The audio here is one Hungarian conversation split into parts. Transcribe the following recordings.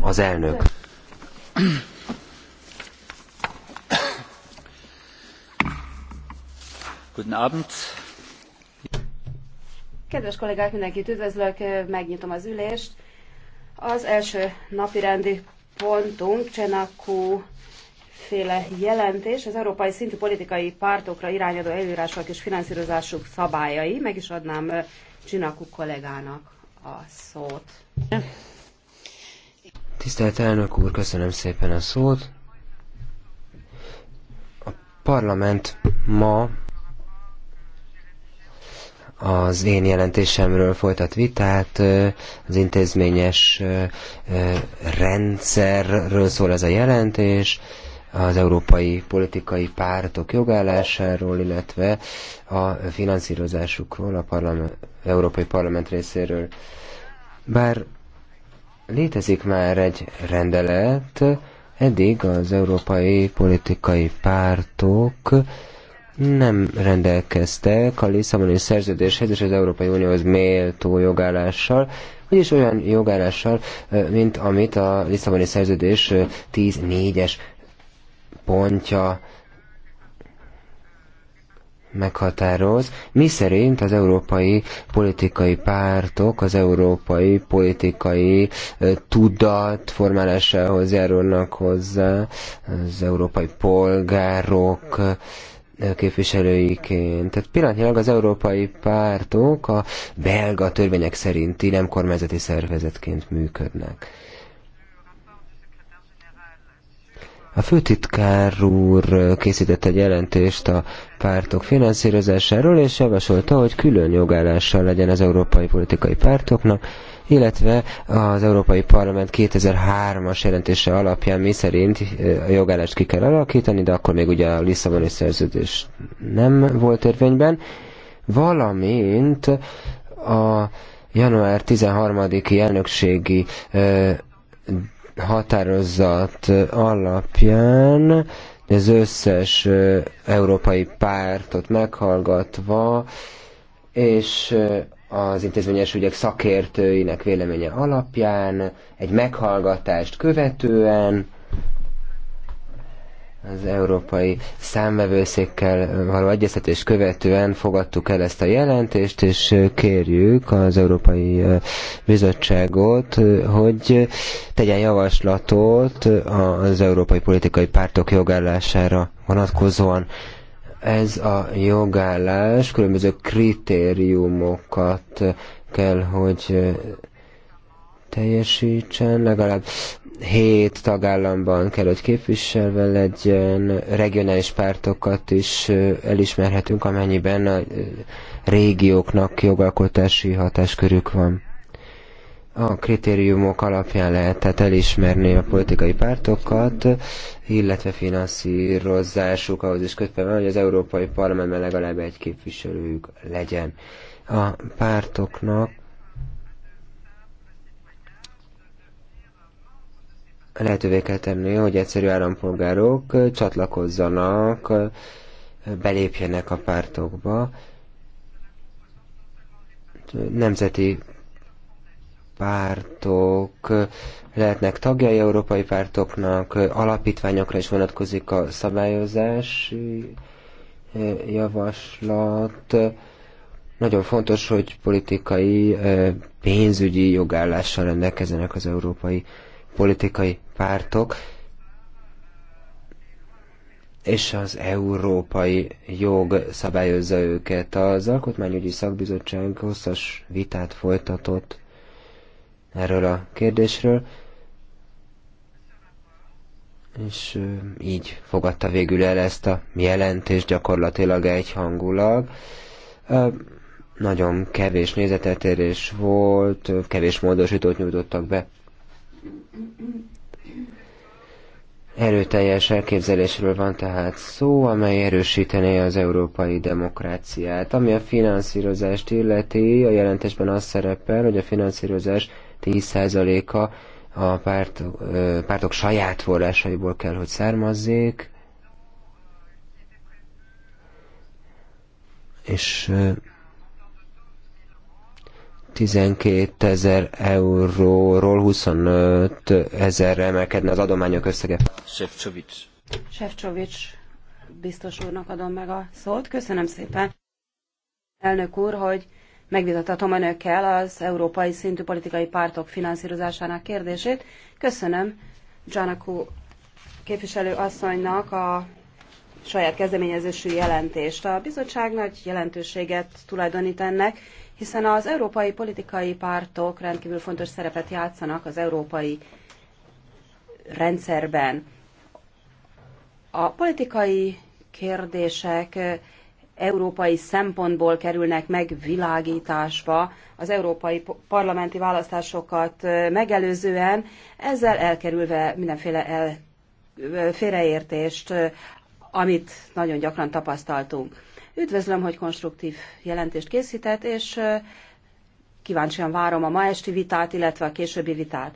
Az elnök. Guten Abend. Kedves kollégák, mindenkit üdvözlök, megnyitom az ülést. Az első napirendi pontunk Csenakú féle jelentés, az európai szintű politikai pártokra irányadó előírások és finanszírozásuk szabályai. Meg is adnám Csinakú kollégának a szót. Tisztelt elnök úr, köszönöm szépen a szót. A parlament ma az én jelentésemről folytat vitát, az intézményes rendszerről szól ez a jelentés, az európai politikai pártok jogállásáról, illetve a finanszírozásukról a parlament, Európai Parlament részéről. Bár létezik már egy rendelet, eddig az európai politikai pártok nem rendelkeztek a Lisszaboni szerződéshez és az Európai Unióhoz méltó jogállással, vagyis olyan jogállással, mint amit a Lisszaboni szerződés 10.4-es pontja meghatároz, mi szerint az európai politikai pártok az európai politikai tudat formálásához járulnak hozzá az európai polgárok képviselőiként. Tehát pillanatnyilag az európai pártok a belga törvények szerinti nem kormányzati szervezetként működnek. A főtitkár úr készített egy jelentést a pártok finanszírozásáról, és javasolta, hogy külön jogállással legyen az európai politikai pártoknak, illetve az Európai Parlament 2003-as jelentése alapján mi szerint a jogállást ki kell alakítani, de akkor még ugye a Lisszaboni szerződés nem volt érvényben, valamint a január 13-i elnökségi határozat alapján az összes európai pártot meghallgatva, és az intézményes ügyek szakértőinek véleménye alapján, egy meghallgatást követően az európai számvevőszékkel való egyeztetés követően fogadtuk el ezt a jelentést, és kérjük az Európai Bizottságot, hogy tegyen javaslatot az európai politikai pártok jogállására vonatkozóan. Ez a jogállás különböző kritériumokat kell, hogy teljesítsen, legalább hét tagállamban kell, hogy képviselve legyen, regionális pártokat is elismerhetünk, amennyiben a régióknak jogalkotási hatáskörük van. A kritériumok alapján lehet tehát elismerni a politikai pártokat, illetve finanszírozásuk ahhoz is kötve van, hogy az Európai Parlamentben legalább egy képviselőjük legyen. A pártoknak lehetővé kell tenni, hogy egyszerű állampolgárok csatlakozzanak, belépjenek a pártokba. Nemzeti pártok lehetnek tagjai európai pártoknak, alapítványokra is vonatkozik a szabályozási eh, javaslat. Nagyon fontos, hogy politikai, eh, pénzügyi jogállással rendelkezzenek az európai politikai pártok, és az európai jog szabályozza őket. Az Alkotmányügyi Szakbizottság hosszas vitát folytatott erről a kérdésről, és így fogadta végül el ezt a jelentést gyakorlatilag egyhangulag. Nagyon kevés nézetetérés volt, kevés módosítót nyújtottak be. Erőteljes elképzelésről van tehát szó, amely erősítené az európai demokráciát. Ami a finanszírozást illeti, a jelentésben az szerepel, hogy a finanszírozás 10%-a a párt, pártok saját forrásaiból kell, hogy származzék, és 12 ezer euróról 25 ezerre emelkedne az adományok összege. Sefcsovics. Sefcsovics biztos úrnak adom meg a szót. Köszönöm szépen, elnök úr, hogy megvitathatom önökkel az európai szintű politikai pártok finanszírozásának kérdését. Köszönöm Gianaku képviselő asszonynak a saját kezdeményezésű jelentést. A bizottság nagy jelentőséget tulajdonít ennek, hiszen az európai politikai pártok rendkívül fontos szerepet játszanak az európai rendszerben. A politikai kérdések európai szempontból kerülnek megvilágításba az európai parlamenti választásokat megelőzően, ezzel elkerülve mindenféle el, félreértést, amit nagyon gyakran tapasztaltunk. Üdvözlöm, hogy konstruktív jelentést készített, és kíváncsian várom a ma esti vitát, illetve a későbbi vitát.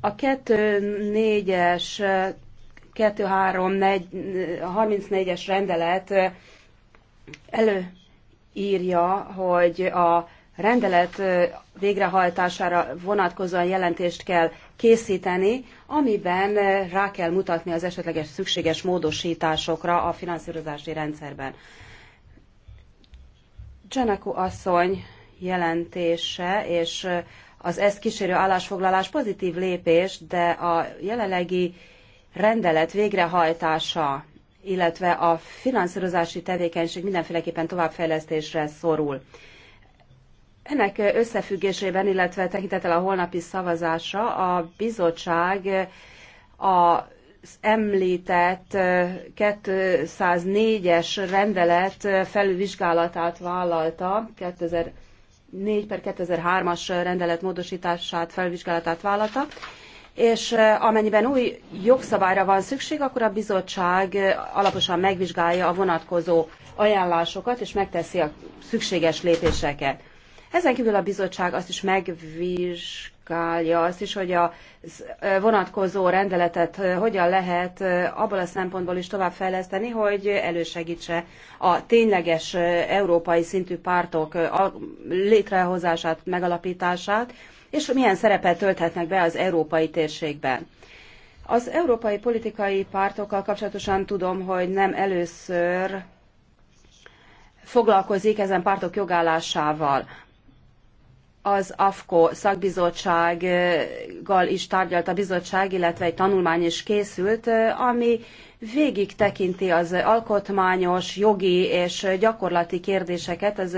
A 4 es 34 es rendelet előírja, hogy a rendelet végrehajtására vonatkozóan jelentést kell készíteni, amiben eh, rá kell mutatni az esetleges szükséges módosításokra a finanszírozási rendszerben. Janako asszony jelentése és eh, az ezt kísérő állásfoglalás pozitív lépés, de a jelenlegi rendelet végrehajtása, illetve a finanszírozási tevékenység mindenféleképpen továbbfejlesztésre szorul. Ennek összefüggésében, illetve tekintettel a holnapi szavazásra a bizottság a említett 204-es rendelet felülvizsgálatát vállalta, 2004 per 2003-as rendelet módosítását, felvizsgálatát vállalta, és amennyiben új jogszabályra van szükség, akkor a bizottság alaposan megvizsgálja a vonatkozó ajánlásokat, és megteszi a szükséges lépéseket. Ezen kívül a bizottság azt is megvizsgálja azt is, hogy a vonatkozó rendeletet hogyan lehet abból a szempontból is továbbfejleszteni, hogy elősegítse a tényleges európai szintű pártok létrehozását, megalapítását, és milyen szerepet tölthetnek be az európai térségben. Az európai politikai pártokkal kapcsolatosan tudom, hogy nem először foglalkozik ezen pártok jogállásával az AFKO szakbizottsággal is tárgyalt a bizottság, illetve egy tanulmány is készült, ami végig tekinti az alkotmányos, jogi és gyakorlati kérdéseket az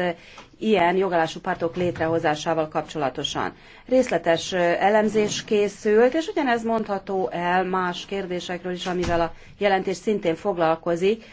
ilyen jogállású pártok létrehozásával kapcsolatosan. Részletes elemzés készült, és ugyanez mondható el más kérdésekről is, amivel a jelentés szintén foglalkozik,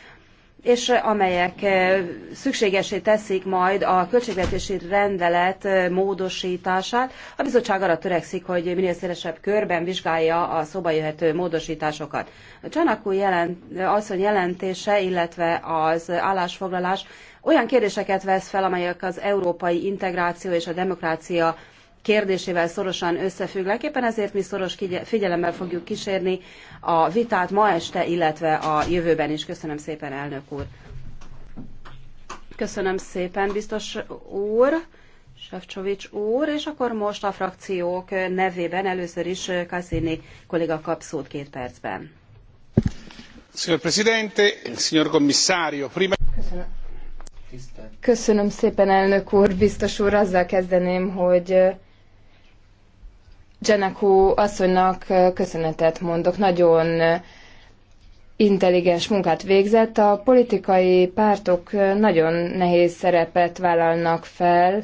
és amelyek eh, szükségesé teszik majd a költségvetési rendelet eh, módosítását. A bizottság arra törekszik, hogy minél szélesebb körben vizsgálja a szóba jöhető módosításokat. A Csanakú jelent, asszony jelentése, illetve az állásfoglalás olyan kérdéseket vesz fel, amelyek az európai integráció és a demokrácia kérdésével szorosan összefügg. Éppen ezért mi szoros figyelemmel fogjuk kísérni a vitát ma este, illetve a jövőben is. Köszönöm szépen, elnök úr. Köszönöm szépen, biztos úr, Sefcsovics úr, és akkor most a frakciók nevében először is Cassini kolléga kap szót két percben. Signor Presidente, signor Commissario, prima... Köszönöm. Köszönöm szépen, elnök úr, biztos úr, azzal kezdeném, hogy Janakó asszonynak köszönetet mondok. Nagyon intelligens munkát végzett. A politikai pártok nagyon nehéz szerepet vállalnak fel,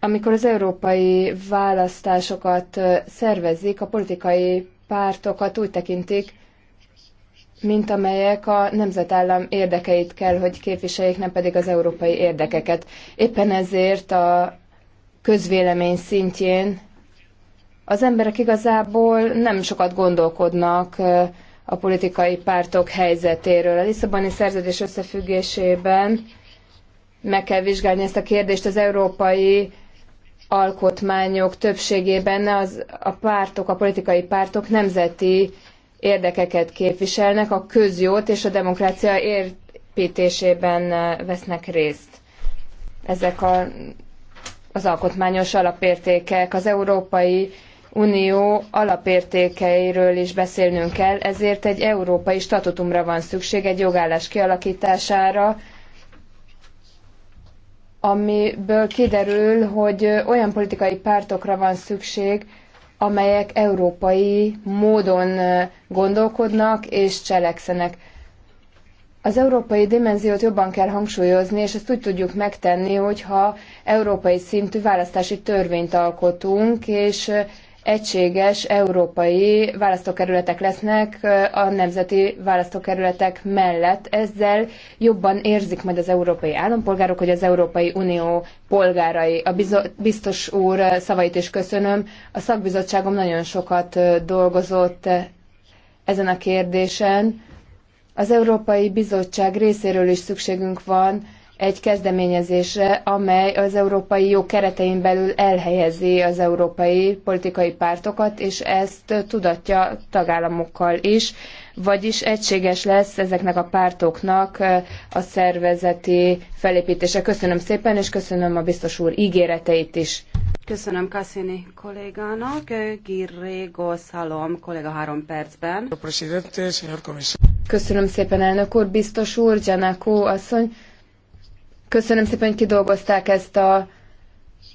amikor az európai választásokat szervezik, a politikai pártokat úgy tekintik, mint amelyek a nemzetállam érdekeit kell, hogy képviseljék, nem pedig az európai érdekeket. Éppen ezért a közvélemény szintjén az emberek igazából nem sokat gondolkodnak a politikai pártok helyzetéről. A Lisszaboni szerződés összefüggésében meg kell vizsgálni ezt a kérdést az európai alkotmányok többségében az, a pártok, a politikai pártok nemzeti érdekeket képviselnek, a közjót és a demokrácia építésében vesznek részt. Ezek a, az alkotmányos alapértékek, az európai Unió alapértékeiről is beszélnünk kell, ezért egy európai statutumra van szükség, egy jogállás kialakítására, amiből kiderül, hogy olyan politikai pártokra van szükség, amelyek európai módon gondolkodnak és cselekszenek. Az európai dimenziót jobban kell hangsúlyozni, és ezt úgy tudjuk megtenni, hogyha európai szintű választási törvényt alkotunk, és egységes európai választókerületek lesznek a nemzeti választókerületek mellett. Ezzel jobban érzik majd az európai állampolgárok, hogy az Európai Unió polgárai. A biztos úr szavait is köszönöm. A szakbizottságom nagyon sokat dolgozott ezen a kérdésen. Az Európai Bizottság részéről is szükségünk van egy kezdeményezésre, amely az európai jog keretein belül elhelyezi az európai politikai pártokat, és ezt tudatja tagállamokkal is, vagyis egységes lesz ezeknek a pártoknak a szervezeti felépítése. Köszönöm szépen, és köszönöm a biztos úr ígéreteit is. Köszönöm Cassini kollégának. Girrégo Szalom kolléga három percben. Köszönöm szépen, elnök úr, biztos úr, Gyanakó asszony. Köszönöm szépen, hogy kidolgozták ezt a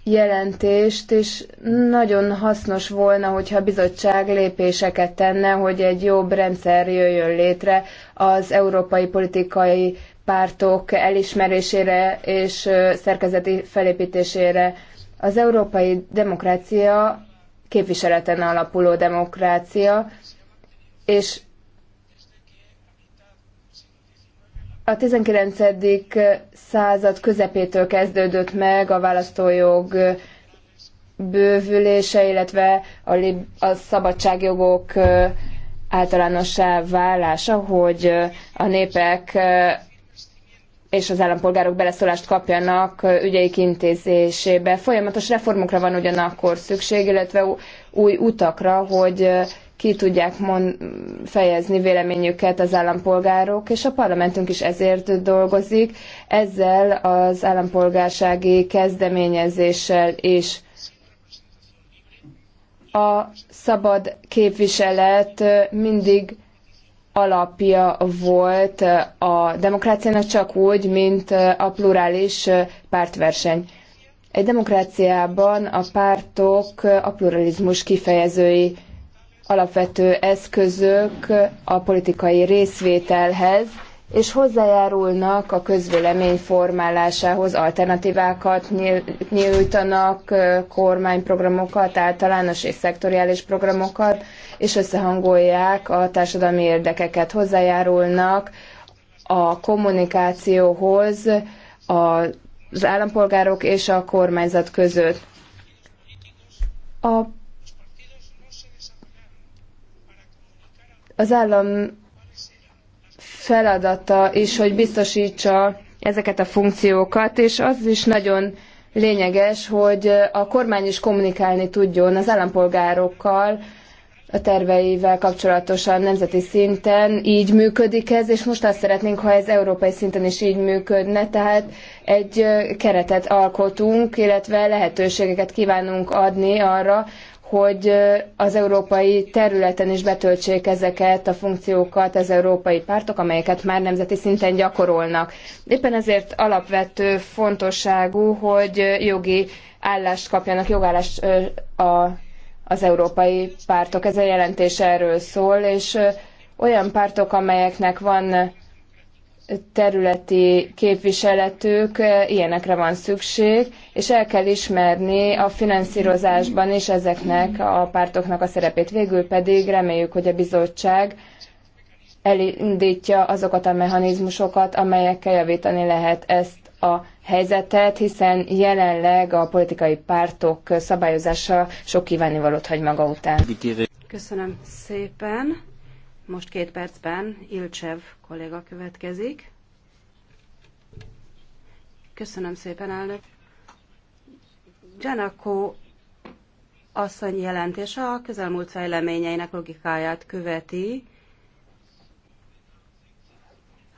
jelentést, és nagyon hasznos volna, hogyha a bizottság lépéseket tenne, hogy egy jobb rendszer jöjjön létre az európai politikai pártok elismerésére és szerkezeti felépítésére. Az európai demokrácia képviseleten alapuló demokrácia, és A 19. század közepétől kezdődött meg a választójog bővülése, illetve a, lib- a szabadságjogok általánossá válása, hogy a népek és az állampolgárok beleszólást kapjanak ügyeik intézésébe. Folyamatos reformokra van ugyanakkor szükség, illetve új utakra, hogy ki tudják mond, fejezni véleményüket az állampolgárok, és a parlamentünk is ezért dolgozik, ezzel az állampolgársági kezdeményezéssel is. A szabad képviselet mindig alapja volt a demokráciának csak úgy, mint a plurális pártverseny. Egy demokráciában a pártok a pluralizmus kifejezői alapvető eszközök a politikai részvételhez, és hozzájárulnak a közvélemény formálásához, alternatívákat nyújtanak, kormányprogramokat, általános és szektoriális programokat, és összehangolják a társadalmi érdekeket, hozzájárulnak a kommunikációhoz az állampolgárok és a kormányzat között. A Az állam feladata is, hogy biztosítsa ezeket a funkciókat, és az is nagyon lényeges, hogy a kormány is kommunikálni tudjon az állampolgárokkal, a terveivel kapcsolatosan nemzeti szinten így működik ez, és most azt szeretnénk, ha ez európai szinten is így működne, tehát egy keretet alkotunk, illetve lehetőségeket kívánunk adni arra, hogy az európai területen is betöltsék ezeket a funkciókat az európai pártok, amelyeket már nemzeti szinten gyakorolnak. Éppen ezért alapvető fontosságú, hogy jogi állást kapjanak, jogállást a, az európai pártok. Ez a jelentés erről szól, és olyan pártok, amelyeknek van területi képviseletük, eh, ilyenekre van szükség, és el kell ismerni a finanszírozásban is ezeknek a pártoknak a szerepét. Végül pedig reméljük, hogy a bizottság elindítja azokat a mechanizmusokat, amelyekkel javítani lehet ezt a helyzetet, hiszen jelenleg a politikai pártok szabályozása sok kívánivalót hagy maga után. Köszönöm szépen. Most két percben Ilcsev kolléga következik. Köszönöm szépen, elnök. Janako asszony jelentése a közelmúlt fejleményeinek logikáját követi,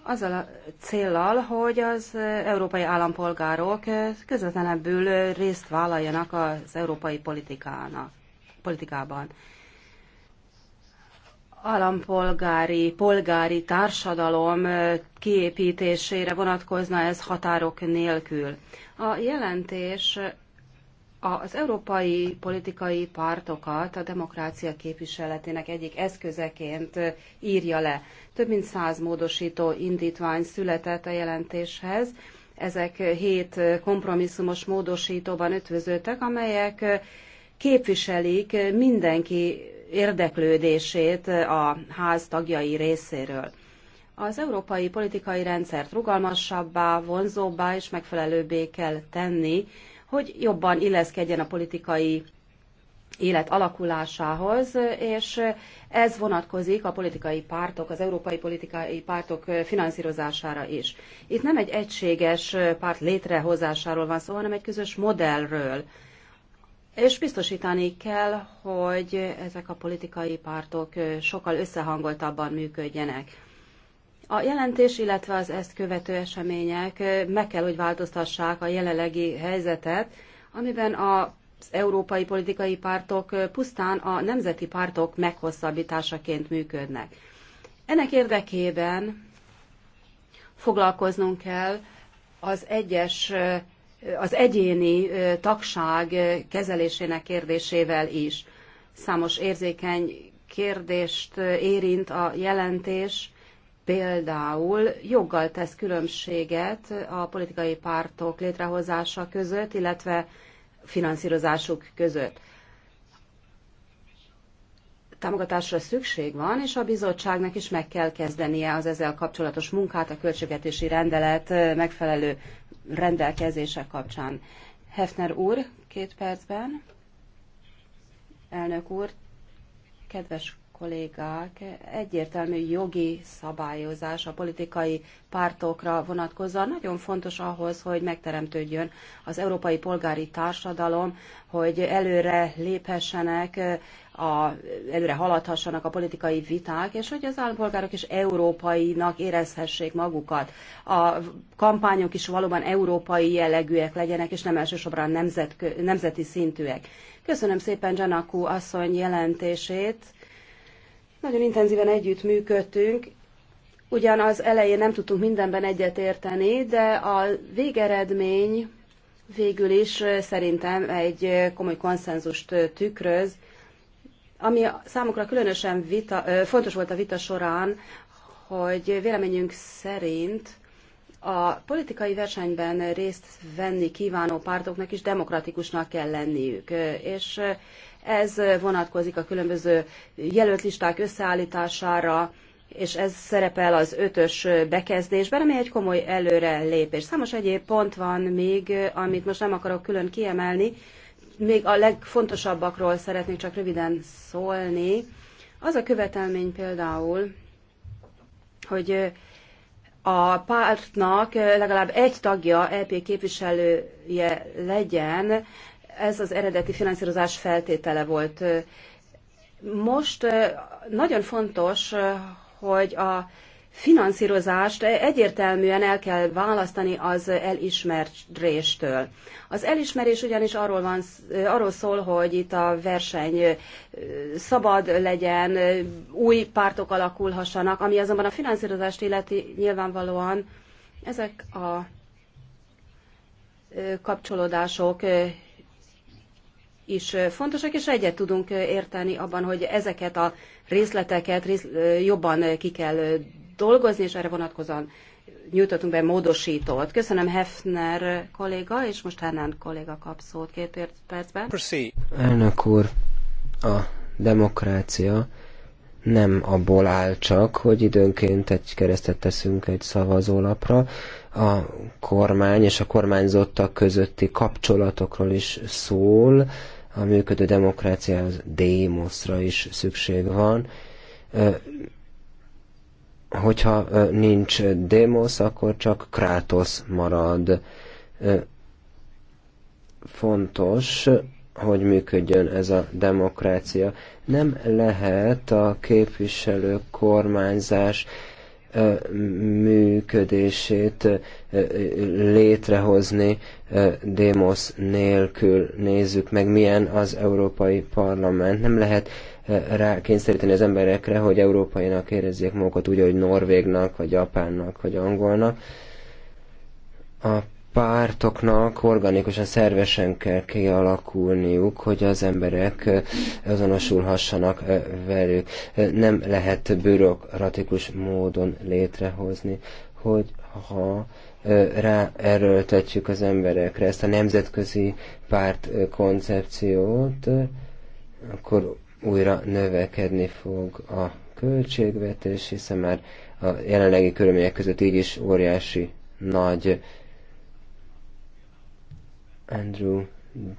azzal a céllal, hogy az európai állampolgárok közvetlenebbül részt vállaljanak az európai politikának, politikában állampolgári, polgári társadalom kiépítésére vonatkozna ez határok nélkül. A jelentés az európai politikai pártokat a demokrácia képviseletének egyik eszközeként írja le. Több mint száz módosító indítvány született a jelentéshez. Ezek hét kompromisszumos módosítóban ötvöződtek, amelyek képviselik mindenki érdeklődését a ház tagjai részéről. Az európai politikai rendszert rugalmasabbá, vonzóbbá és megfelelőbbé kell tenni, hogy jobban illeszkedjen a politikai élet alakulásához, és ez vonatkozik a politikai pártok, az európai politikai pártok finanszírozására is. Itt nem egy egységes párt létrehozásáról van szó, hanem egy közös modellről. És biztosítani kell, hogy ezek a politikai pártok sokkal összehangoltabban működjenek. A jelentés, illetve az ezt követő események meg kell, hogy változtassák a jelenlegi helyzetet, amiben az európai politikai pártok pusztán a nemzeti pártok meghosszabbításaként működnek. Ennek érdekében foglalkoznunk kell az egyes az egyéni tagság kezelésének kérdésével is. Számos érzékeny kérdést érint a jelentés, például joggal tesz különbséget a politikai pártok létrehozása között, illetve finanszírozásuk között. Támogatásra szükség van, és a bizottságnak is meg kell kezdenie az ezzel kapcsolatos munkát a költségvetési rendelet megfelelő rendelkezése kapcsán. Hefner úr, két percben. Elnök úr, kedves kollégák, egyértelmű jogi szabályozás a politikai pártokra vonatkozóan nagyon fontos ahhoz, hogy megteremtődjön az európai polgári társadalom, hogy előre léphessenek a, előre haladhassanak a politikai viták, és hogy az állampolgárok is európainak érezhessék magukat. A kampányok is valóban európai jellegűek legyenek, és nem elsősorban nemzet, nemzeti szintűek. Köszönöm szépen Janakú asszony jelentését. Nagyon intenzíven együtt működtünk, ugyan az elején nem tudtunk mindenben egyetérteni, de a végeredmény végül is szerintem egy komoly konszenzust tükröz, ami számukra különösen vita, fontos volt a vita során, hogy véleményünk szerint a politikai versenyben részt venni kívánó pártoknak is demokratikusnak kell lenniük, és ez vonatkozik a különböző jelöltlisták összeállítására, és ez szerepel az ötös bekezdésben, ami egy komoly előre lépés. Számos egyéb pont van még, amit most nem akarok külön kiemelni, még a legfontosabbakról szeretnék csak röviden szólni. Az a követelmény például, hogy a pártnak legalább egy tagja, LP e képviselője legyen, ez az eredeti finanszírozás feltétele volt. Most eh, nagyon fontos, eh, hogy a finanszírozást egyértelműen el kell választani az elismertréstől. Az elismerés ugyanis arról, van, arról szól, hogy itt a verseny szabad legyen, új pártok alakulhassanak, ami azonban a finanszírozást illeti nyilvánvalóan ezek a kapcsolódások is fontosak, és egyet tudunk érteni abban, hogy ezeket a részleteket jobban ki kell dolgozni, és erre vonatkozóan nyújtottunk be módosítót. Köszönöm Hefner kolléga, és most Hernán kolléga kap szót két percben. Elnök úr, a demokrácia nem abból áll csak, hogy időnként egy keresztet teszünk egy szavazólapra, a kormány és a kormányzottak közötti kapcsolatokról is szól, a működő demokráciához démoszra is szükség van Hogyha nincs Demos, akkor csak Krátosz marad. Fontos, hogy működjön ez a demokrácia. Nem lehet a képviselő kormányzás működését létrehozni Démosz nélkül. Nézzük meg, milyen az Európai Parlament. Nem lehet rá kényszeríteni az emberekre, hogy európainak érezzék magukat úgy, hogy norvégnak, vagy japánnak, vagy angolnak. A pártoknak organikusan, szervesen kell kialakulniuk, hogy az emberek azonosulhassanak velük. Nem lehet bürokratikus módon létrehozni, hogy ha ráerőltetjük az emberekre ezt a nemzetközi párt koncepciót, akkor újra növekedni fog a költségvetés, hiszen már a jelenlegi körülmények között így is óriási nagy Andrew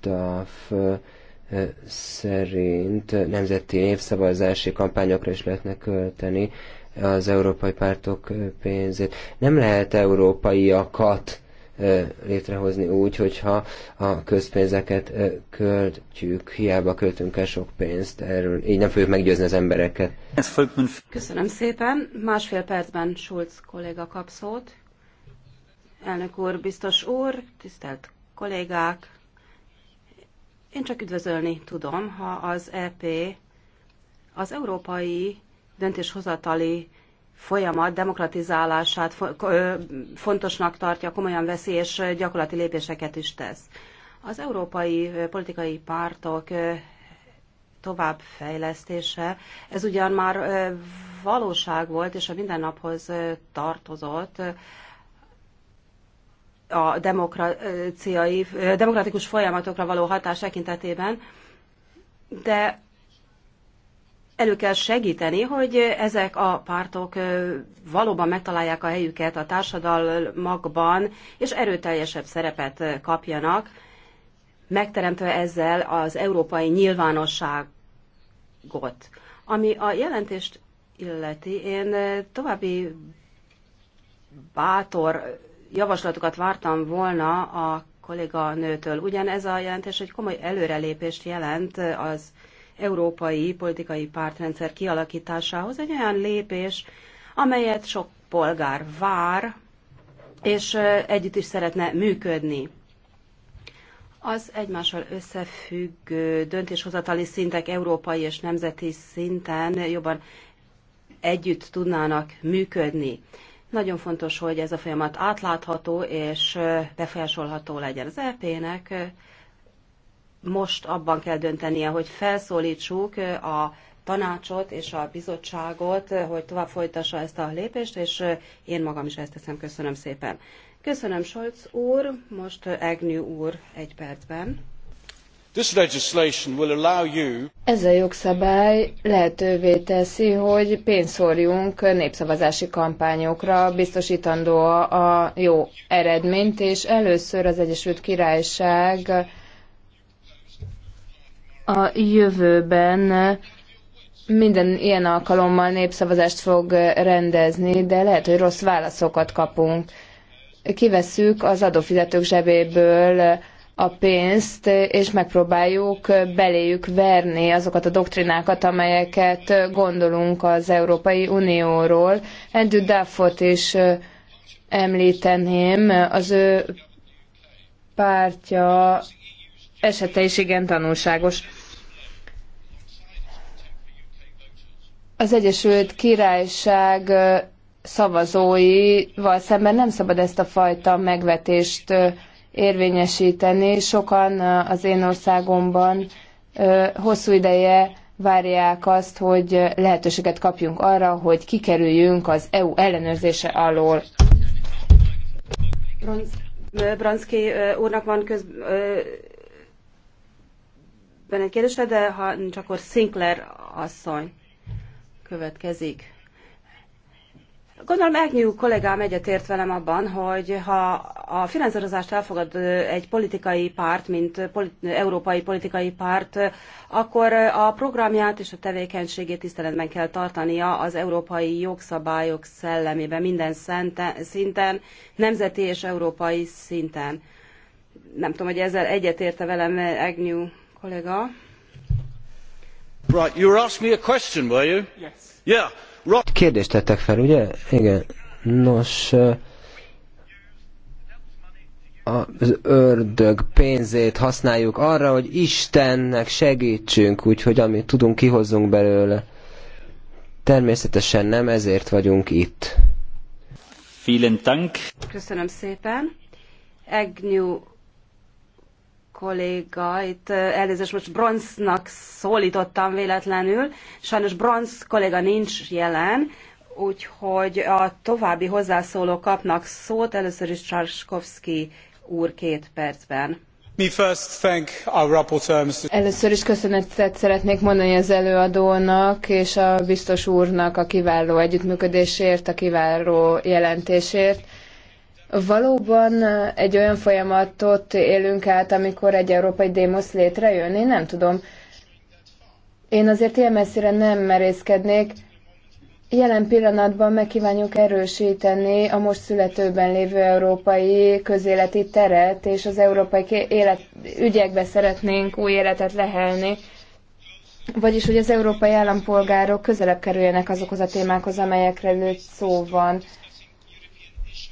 Duff szerint nemzeti népszavazási kampányokra is lehetne költeni az európai pártok pénzét. Nem lehet európaiakat létrehozni úgy, hogyha a közpénzeket költjük, hiába költünk el sok pénzt, erről így nem fogjuk meggyőzni az embereket. Köszönöm szépen. Másfél percben Schulz kolléga kap szót. Elnök úr, biztos úr, tisztelt kollégák! Én csak üdvözölni tudom, ha az EP az európai döntéshozatali folyamat demokratizálását fontosnak tartja, komolyan veszi, és gyakorlati lépéseket is tesz. Az európai politikai pártok továbbfejlesztése, ez ugyan már valóság volt, és a mindennaphoz tartozott, a demokraciai, demokratikus folyamatokra való hatás tekintetében, de elő kell segíteni, hogy ezek a pártok valóban megtalálják a helyüket a társadalmakban, és erőteljesebb szerepet kapjanak, megteremtve ezzel az európai nyilvánosságot. Ami a jelentést illeti, én további bátor javaslatokat vártam volna a kolléganőtől. Ugyan ez a jelentés egy komoly előrelépést jelent az európai politikai pártrendszer kialakításához, egy olyan lépés, amelyet sok polgár vár, és együtt is szeretne működni. Az egymással összefüggő döntéshozatali szintek európai és nemzeti szinten jobban együtt tudnának működni. Nagyon fontos, hogy ez a folyamat átlátható és befolyásolható legyen. Az EP-nek most abban kell döntenie, hogy felszólítsuk a tanácsot és a bizottságot, hogy tovább folytassa ezt a lépést, és én magam is ezt teszem. Köszönöm szépen. Köszönöm, Scholz úr. Most Egnő úr egy percben. This legislation will allow you... Ez a jogszabály lehetővé teszi, hogy pénzt szórjunk népszavazási kampányokra, biztosítandó a jó eredményt, és először az Egyesült Királyság a jövőben minden ilyen alkalommal népszavazást fog rendezni, de lehet, hogy rossz válaszokat kapunk. Kivesszük az adófizetők zsebéből a pénzt, és megpróbáljuk beléjük verni azokat a doktrinákat, amelyeket gondolunk az Európai Unióról. Andrew Duffot is említeném, az ő pártja esete is igen tanulságos. Az Egyesült Királyság szavazóival szemben nem szabad ezt a fajta megvetést érvényesíteni. Sokan az én országomban hosszú ideje várják azt, hogy lehetőséget kapjunk arra, hogy kikerüljünk az EU ellenőrzése alól. Bronz, úrnak van köz, van egy kérdésre, de ha nincs, akkor Sinclair asszony következik. Gondolom Agnew kollégám egyetért velem abban, hogy ha a finanszírozást elfogad egy politikai párt, mint politi- európai politikai párt, akkor a programját és a tevékenységét tiszteletben kell tartania az európai jogszabályok szellemében minden szinten, nemzeti és európai szinten. Nem tudom, hogy ezzel egyetérte velem Agnew kollega. Right, you were asking me a question, were you? Yes. Yeah. Right. Kérdést tettek fel, ugye? Igen. Nos, az ördög pénzét használjuk arra, hogy Istennek segítsünk, úgyhogy amit tudunk, kihozzunk belőle. Természetesen nem, ezért vagyunk itt. Vielen Dank. Köszönöm szépen. Egnyú kolléga, itt eh, elnézést most Bronznak szólítottam véletlenül, sajnos Bronz kolléga nincs jelen, úgyhogy a további hozzászólók kapnak szót, először is Csarskovszki úr két percben. Először is köszönetet szeretnék mondani az előadónak és a biztos úrnak a kiváló együttműködésért, a kiváló jelentésért Valóban egy olyan folyamatot élünk át, amikor egy európai démosz létrejön? Én nem tudom. Én azért ilyen messzire nem merészkednék. Jelen pillanatban megkívánjuk erősíteni a most születőben lévő európai közéleti teret, és az európai élet, ügyekbe szeretnénk új életet lehelni. Vagyis, hogy az európai állampolgárok közelebb kerüljenek azokhoz a témákhoz, lőtt szó van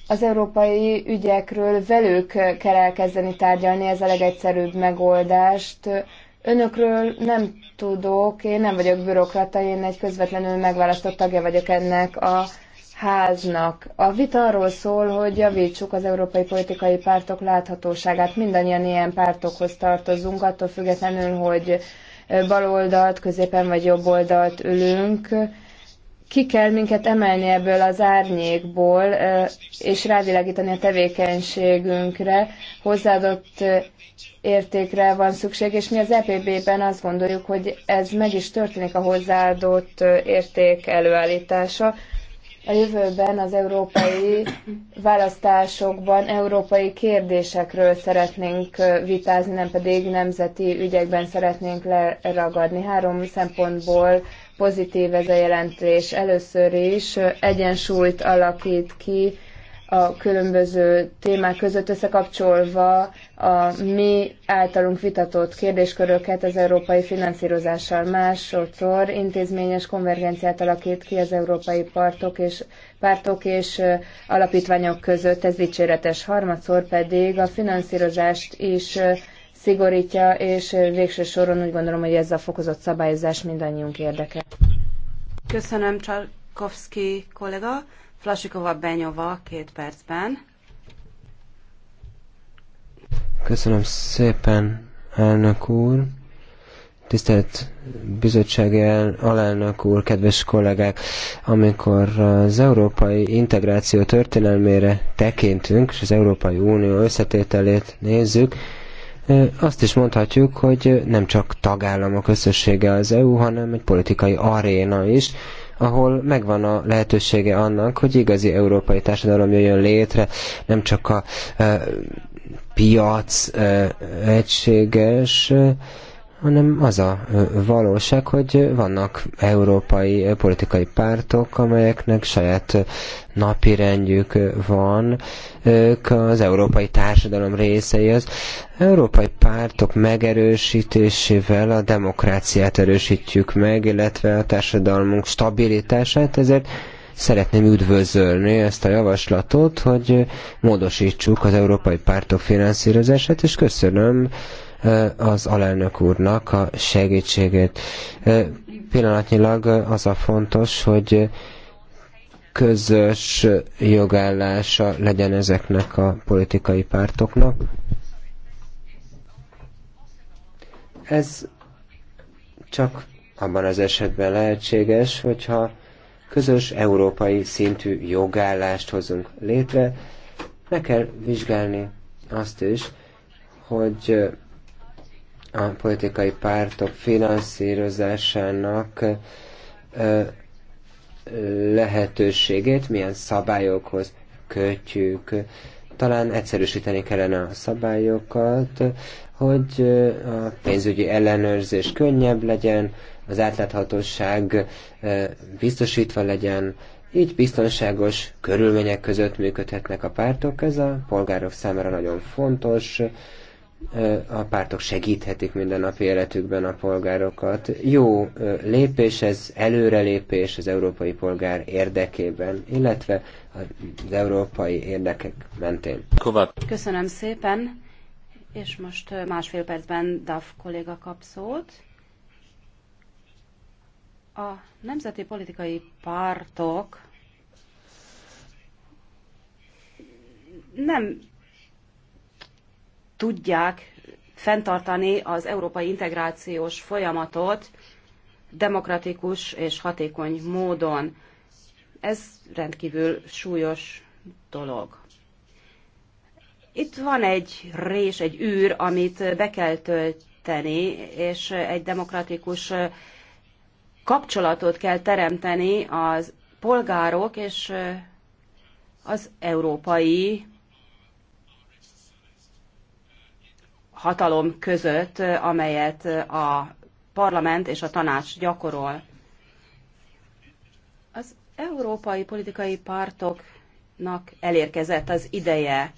az európai ügyekről velük kell elkezdeni tárgyalni, ez a legegyszerűbb megoldást. Önökről nem tudok, én nem vagyok bürokrata, én egy közvetlenül megválasztott tagja vagyok ennek a háznak. A vita arról szól, hogy javítsuk az európai politikai pártok láthatóságát. Mindannyian ilyen pártokhoz tartozunk, attól függetlenül, hogy baloldalt, középen vagy jobboldalt ülünk ki kell minket emelni ebből az árnyékból, és rávilágítani a tevékenységünkre, hozzáadott értékre van szükség, és mi az EPB-ben azt gondoljuk, hogy ez meg is történik a hozzáadott érték előállítása. A jövőben az európai választásokban európai kérdésekről szeretnénk vitázni, nem pedig nemzeti ügyekben szeretnénk leragadni. Három szempontból Pozitív ez a jelentés. Először is egyensúlyt alakít ki a különböző témák között összekapcsolva a mi általunk vitatott kérdésköröket az európai finanszírozással. Másodszor intézményes konvergenciát alakít ki az európai partok és, pártok és alapítványok között, ez dicséretes. Harmadszor pedig a finanszírozást is szigorítja, és végső soron úgy gondolom, hogy ez a fokozott szabályozás mindannyiunk érdeke. Köszönöm, Csarkovszki kollega. Flasikova Benyova két percben. Köszönöm szépen, elnök úr. Tisztelt bizottsági el, alelnök úr, kedves kollégák, amikor az európai integráció történelmére tekintünk, és az Európai Unió összetételét nézzük, azt is mondhatjuk, hogy nem csak tagállamok összessége az EU, hanem egy politikai aréna is, ahol megvan a lehetősége annak, hogy igazi európai társadalom jöjjön létre, nem csak a piac egységes, hanem az a valóság, hogy vannak európai politikai pártok, amelyeknek saját napi rendjük van, ők az európai társadalom részei, az európai pártok megerősítésével a demokráciát erősítjük meg, illetve a társadalmunk stabilitását, ezért szeretném üdvözölni ezt a javaslatot, hogy módosítsuk az európai pártok finanszírozását, és köszönöm Eh, az alelnök úrnak a segítségét. Eh, pillanatnyilag az a fontos, hogy közös jogállása legyen ezeknek a politikai pártoknak. Ez csak abban az esetben lehetséges, hogyha közös európai szintű jogállást hozunk létre, meg kell vizsgálni azt is, hogy a politikai pártok finanszírozásának lehetőségét milyen szabályokhoz kötjük. Talán egyszerűsíteni kellene a szabályokat, hogy a pénzügyi ellenőrzés könnyebb legyen, az átláthatóság biztosítva legyen, így biztonságos körülmények között működhetnek a pártok. Ez a polgárok számára nagyon fontos, a pártok segíthetik mindennapi életükben a polgárokat. Jó lépés ez, előrelépés az európai polgár érdekében, illetve az európai érdekek mentén. Kovács. Köszönöm szépen, és most másfél percben DAF kolléga kap szót. A nemzeti politikai pártok nem tudják fenntartani az európai integrációs folyamatot demokratikus és hatékony módon. Ez rendkívül súlyos dolog. Itt van egy rés, egy űr, amit be kell tölteni, és egy demokratikus kapcsolatot kell teremteni az polgárok és az európai hatalom között, amelyet a parlament és a tanács gyakorol. Az európai politikai pártoknak elérkezett az ideje,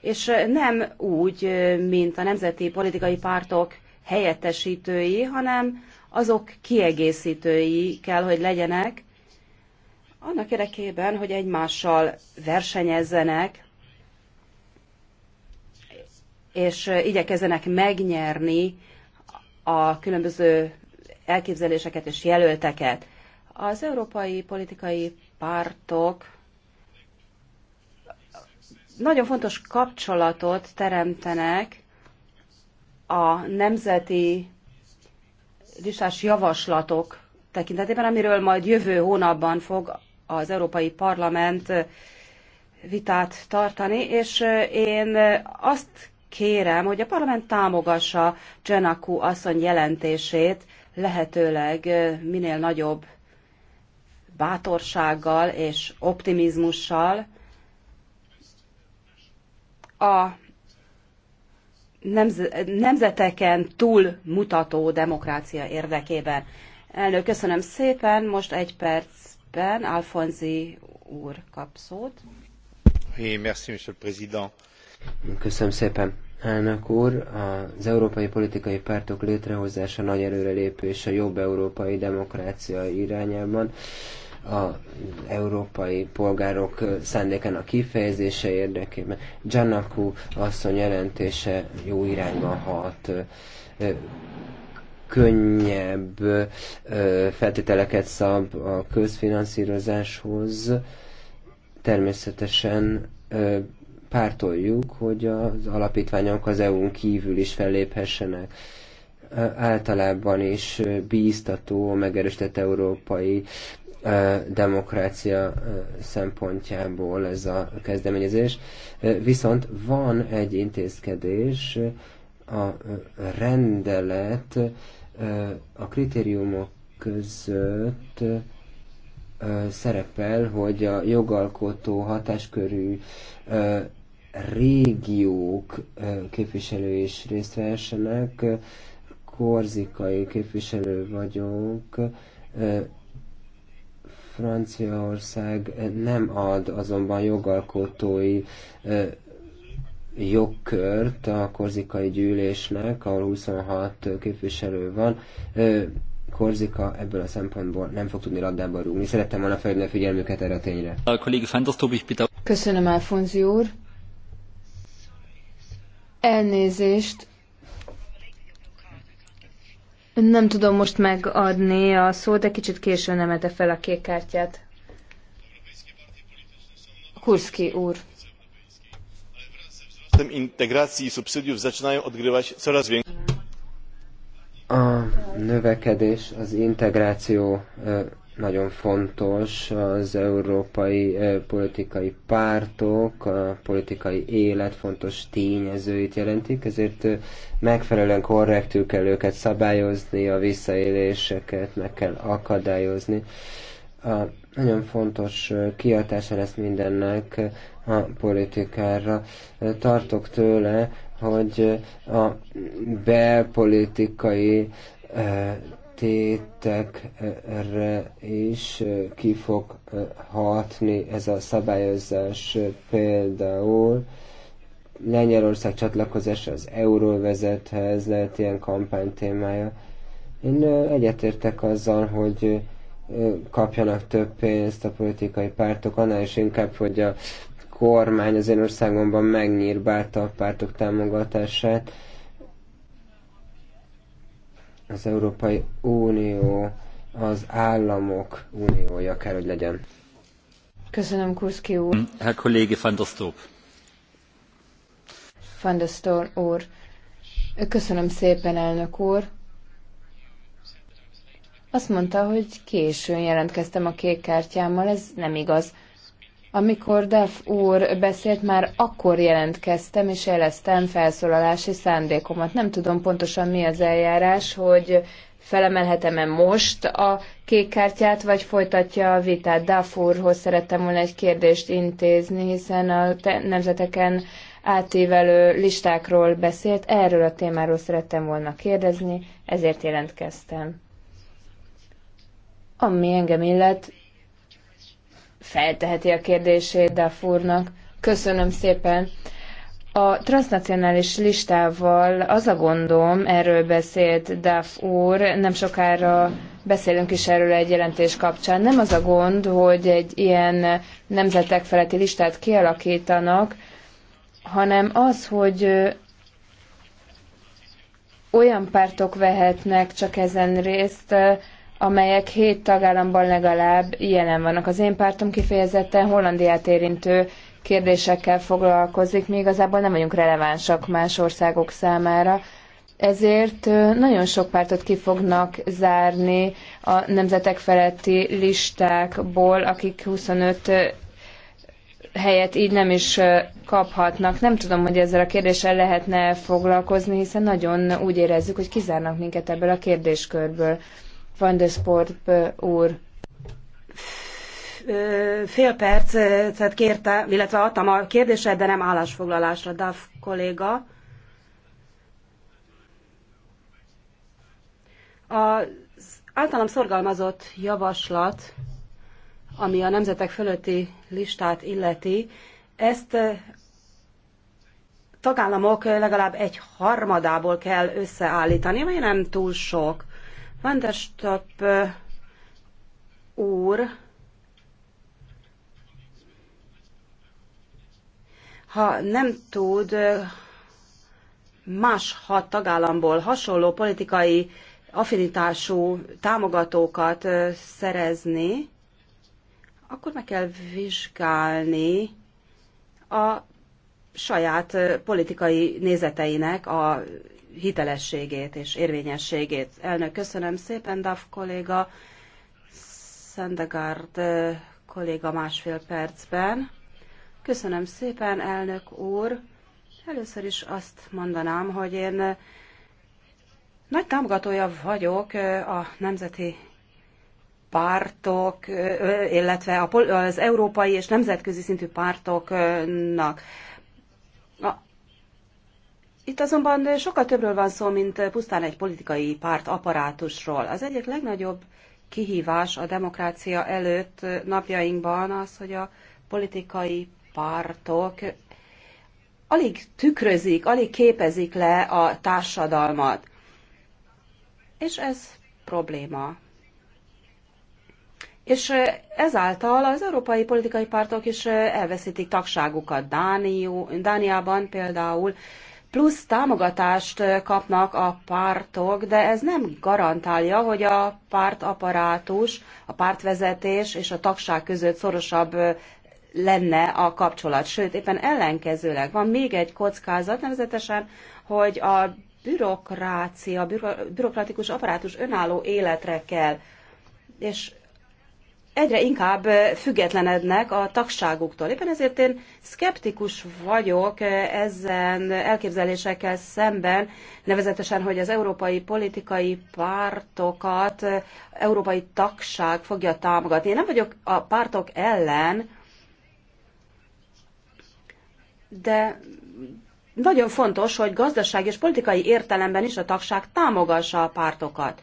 és nem úgy, mint a nemzeti politikai pártok helyettesítői, hanem azok kiegészítői kell, hogy legyenek, annak érdekében, hogy egymással versenyezzenek, és igyekezzenek megnyerni a különböző elképzeléseket és jelölteket. Az európai politikai pártok nagyon fontos kapcsolatot teremtenek a nemzeti listás javaslatok tekintetében, amiről majd jövő hónapban fog az Európai Parlament vitát tartani, és én azt kérem, hogy a parlament támogassa Csenakú asszony jelentését lehetőleg minél nagyobb bátorsággal és optimizmussal. A nemzeteken túl mutató demokrácia érdekében. Elnök, köszönöm szépen. Most egy percben Alfonzi úr kap szót. Oui, merci, monsieur le président. Köszönöm szépen. Elnök úr, az európai politikai pártok létrehozása nagy előrelépés a jobb európai demokrácia irányában a európai polgárok szándékának kifejezése érdekében. Giannaku asszony jelentése jó irányba hat könnyebb feltételeket szab a közfinanszírozáshoz. Természetesen pártoljuk, hogy az alapítványok az EU-n kívül is felléphessenek. Általában is bíztató, megerősített európai demokrácia szempontjából ez a kezdeményezés. Viszont van egy intézkedés, a rendelet a kritériumok között szerepel, hogy a jogalkotó hatáskörű régiók képviselői is részt vehessenek. Korzikai képviselő vagyok. Franciaország nem ad azonban jogalkotói jogkört a korzikai gyűlésnek, ahol 26 képviselő van Korzika ebből a szempontból nem fog tudni labdába rúgni. Szerettem volna felhívni a figyelmüket erre a tényre. Köszönöm, Alfonzi úr. Elnézést. Nem tudom most megadni a szót, de kicsit későn emelte fel a kék kártyát. Kurski úr. integrácii i subsydiów zaczynają odgrywać coraz növekedés, az integráció nagyon fontos, az európai politikai pártok, a politikai élet fontos tényezőit jelentik, ezért megfelelően korrektül kell őket szabályozni, a visszaéléseket meg kell akadályozni. A nagyon fontos kiadása lesz mindennek a politikára. Tartok tőle, hogy a belpolitikai tétekre is ki fog hatni ez a szabályozás például. Lengyelország csatlakozása az euróvezethez lehet ilyen kampány témája. Én egyetértek azzal, hogy kapjanak több pénzt a politikai pártok, annál is inkább, hogy a kormány az én országomban megnyírbálta a pártok támogatását az Európai Unió az államok uniója kell, hogy legyen. Köszönöm, Kurszki úr. Mm, Herr Kollege van der Stoop. Van der Stoop úr. Köszönöm szépen, elnök úr. Azt mondta, hogy későn jelentkeztem a kék kártyámmal, ez nem igaz. Amikor Def úr beszélt, már akkor jelentkeztem, és jeleztem felszólalási szándékomat. Nem tudom pontosan mi az eljárás, hogy felemelhetem-e most a kék kártyát, vagy folytatja a vitát. Def úrhoz szerettem volna egy kérdést intézni, hiszen a nemzeteken átívelő listákról beszélt. Erről a témáról szerettem volna kérdezni, ezért jelentkeztem. Ami engem illet, felteheti a kérdését Dafurnak. Köszönöm szépen. A transnacionális listával az a gondom, erről beszélt Daf úr, nem sokára beszélünk is erről egy jelentés kapcsán. Nem az a gond, hogy egy ilyen nemzetek feletti listát kialakítanak, hanem az, hogy olyan pártok vehetnek csak ezen részt, amelyek hét tagállamban legalább jelen vannak. Az én pártom kifejezetten Hollandiát érintő kérdésekkel foglalkozik, mi igazából nem vagyunk relevánsak más országok számára. Ezért nagyon sok pártot ki fognak zárni a nemzetek feletti listákból, akik 25 helyet így nem is kaphatnak. Nem tudom, hogy ezzel a kérdéssel lehetne foglalkozni, hiszen nagyon úgy érezzük, hogy kizárnak minket ebből a kérdéskörből. Van de Sport úr. Fél percet kérte, illetve adtam a kérdésre, de nem állásfoglalásra, DAF kolléga. Az általam szorgalmazott javaslat, ami a nemzetek fölötti listát illeti, ezt tagállamok legalább egy harmadából kell összeállítani, ami nem túl sok. Van der úr, ha nem tud más hat tagállamból hasonló politikai affinitású támogatókat szerezni, akkor meg kell vizsgálni a saját politikai nézeteinek a hitelességét és érvényességét. Elnök, köszönöm szépen, DAF kolléga, Szendegard kolléga másfél percben. Köszönöm szépen, elnök úr. Először is azt mondanám, hogy én nagy támogatója vagyok a nemzeti pártok, illetve az európai és nemzetközi szintű pártoknak. Itt azonban sokkal többről van szó, mint pusztán egy politikai párt apparátusról. Az egyik legnagyobb kihívás a demokrácia előtt napjainkban az, hogy a politikai pártok alig tükrözik, alig képezik le a társadalmat. És ez probléma. És ezáltal az európai politikai pártok is elveszítik tagságukat Dánió, Dániában például plusz támogatást kapnak a pártok, de ez nem garantálja, hogy a pártaparátus, a pártvezetés és a tagság között szorosabb lenne a kapcsolat. Sőt, éppen ellenkezőleg van még egy kockázat, nevezetesen, hogy a bürokrácia, a bürokratikus apparátus önálló életre kell. És egyre inkább függetlenednek a tagságuktól. Éppen ezért én szkeptikus vagyok eh, ezen elképzelésekkel szemben, nevezetesen, hogy az európai politikai pártokat eh, európai tagság fogja támogatni. Én nem vagyok a pártok ellen, de nagyon fontos, hogy gazdaság és politikai értelemben is a tagság támogassa a pártokat.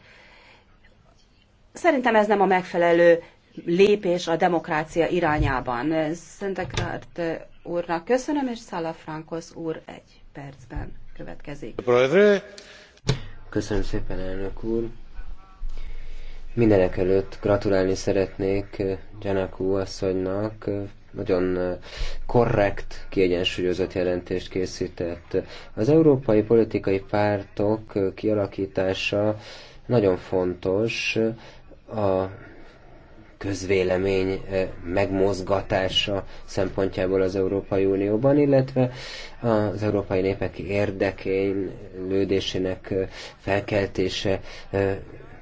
Szerintem ez nem a megfelelő lépés a demokrácia irányában. Szentekrát úrnak köszönöm, és Szala Frankos úr egy percben következik. Köszönöm szépen, elnök úr. Mindenek előtt gratulálni szeretnék Gyanakú asszonynak, nagyon korrekt, kiegyensúlyozott jelentést készített. Az európai politikai pártok kialakítása nagyon fontos, a közvélemény megmozgatása szempontjából az Európai Unióban, illetve az európai népek lődésének felkeltése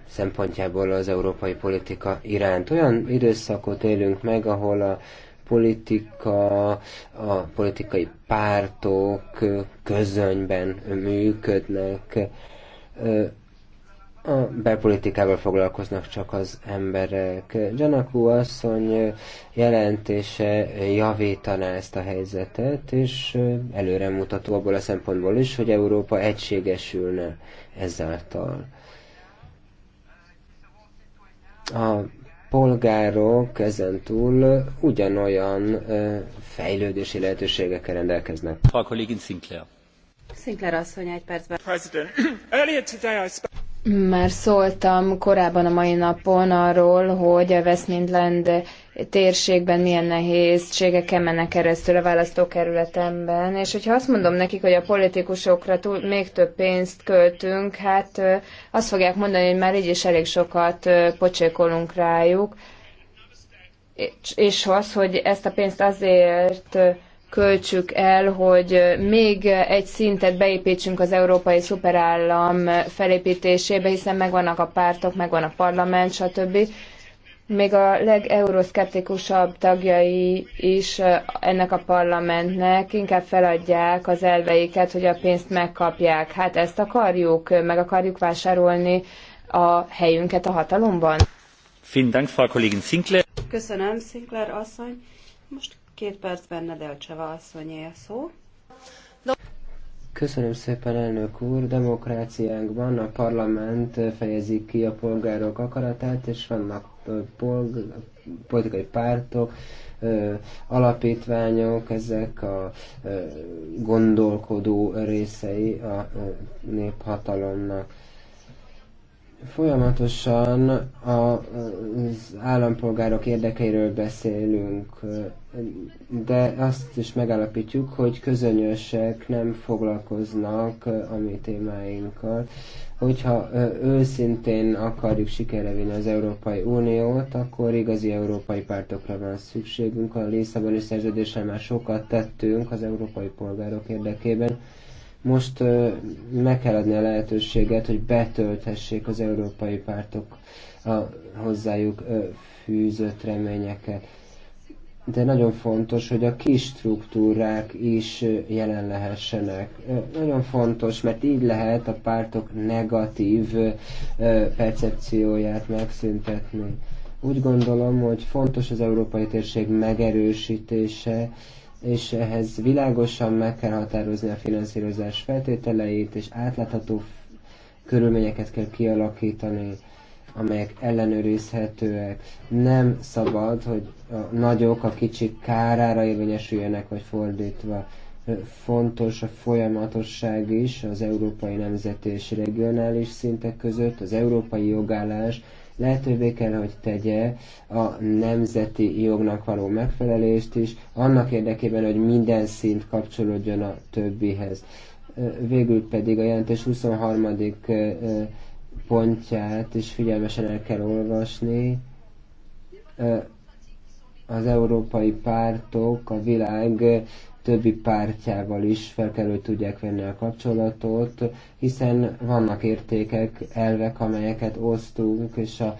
szempontjából az európai politika iránt. Olyan időszakot élünk meg, ahol a politika, a politikai pártok közönyben működnek, a belpolitikával foglalkoznak csak az emberek. Janakú asszony jelentése javítaná ezt a helyzetet, és előremutató abból a szempontból is, hogy Európa egységesülne ezáltal. A polgárok ezentúl ugyanolyan fejlődési lehetőségekkel rendelkeznek. A kollégin Sinclair. Sinclair asszony egy percben. President, earlier today I már szóltam korábban a mai napon arról, hogy a Westmindland térségben milyen nehézségeken mennek keresztül a választókerületemben, és hogyha azt mondom nekik, hogy a politikusokra túl, még több pénzt költünk, hát azt fogják mondani, hogy már így is elég sokat pocsékolunk rájuk, és az, hogy ezt a pénzt azért költsük el, hogy még egy szintet beépítsünk az európai szuperállam felépítésébe, hiszen megvannak a pártok, megvan a parlament, stb. Még a legeuroszkeptikusabb tagjai is ennek a parlamentnek inkább feladják az elveiket, hogy a pénzt megkapják. Hát ezt akarjuk, meg akarjuk vásárolni a helyünket a hatalomban. Köszönöm, Sinclair asszony. Most Két percben Nedel Cseva asszonyé a szó. Köszönöm szépen, elnök úr! Demokráciánkban a parlament fejezi ki a polgárok akaratát, és vannak polg- politikai pártok, alapítványok, ezek a gondolkodó részei a néphatalomnak Folyamatosan az állampolgárok érdekeiről beszélünk, de azt is megállapítjuk, hogy közönösek nem foglalkoznak a mi témáinkkal. Hogyha őszintén akarjuk sikerevinni az Európai Uniót, akkor igazi európai pártokra van szükségünk. A Lisszaboni szerződéssel már sokat tettünk az európai polgárok érdekében most meg kell adni a lehetőséget, hogy betölthessék az európai pártok a hozzájuk fűzött reményeket. De nagyon fontos, hogy a kis struktúrák is jelen lehessenek. Nagyon fontos, mert így lehet a pártok negatív percepcióját megszüntetni. Úgy gondolom, hogy fontos az európai térség megerősítése, és ehhez világosan meg kell határozni a finanszírozás feltételeit, és átlátható körülményeket kell kialakítani, amelyek ellenőrizhetőek. Nem szabad, hogy a nagyok a kicsik kárára érvényesüljenek, vagy fordítva. Fontos a folyamatosság is az európai nemzeti és regionális szintek között, az európai jogállás, lehetővé kell, hogy tegye a nemzeti jognak való megfelelést is, annak érdekében, hogy minden szint kapcsolódjon a többihez. Végül pedig a jelentés 23. pontját is figyelmesen el kell olvasni. Az európai pártok a világ többi pártjával is fel kell, hogy tudják venni a kapcsolatot, hiszen vannak értékek, elvek, amelyeket osztunk, és a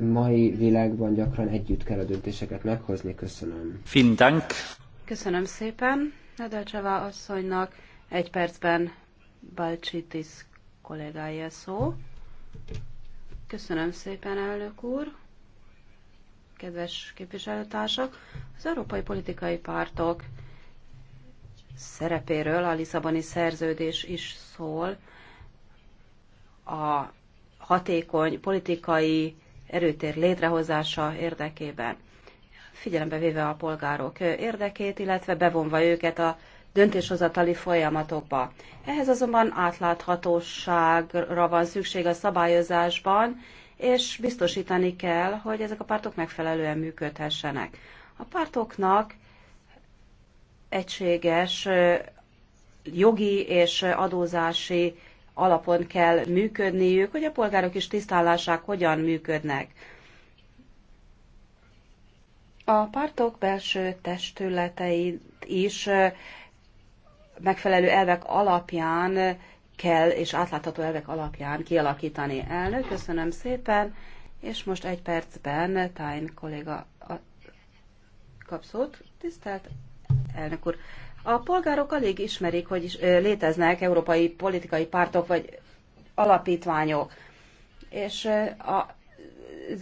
mai világban gyakran együtt kell a döntéseket meghozni. Köszönöm. Vielen Dank. Köszönöm szépen. Csava asszonynak egy percben Balcsitis kollégája szó. Köszönöm szépen, elnök úr kedves képviselőtársak, az európai politikai pártok szerepéről a Lisszaboni szerződés is szól. A hatékony politikai erőtér létrehozása érdekében, figyelembe véve a polgárok érdekét, illetve bevonva őket a döntéshozatali folyamatokba. Ehhez azonban átláthatóságra van szükség a szabályozásban, és biztosítani kell, hogy ezek a pártok megfelelően működhessenek. A pártoknak egységes jogi és adózási alapon kell működniük, hogy a polgárok is tisztállásák hogyan működnek. A pártok belső testületeit is megfelelő elvek alapján kell, és átlátható elvek alapján kialakítani. Elnök, köszönöm szépen, és most egy percben Tájn kolléga kapszót. Tisztelt elnök úr. A polgárok alig ismerik, hogy léteznek európai politikai pártok vagy alapítványok, és a,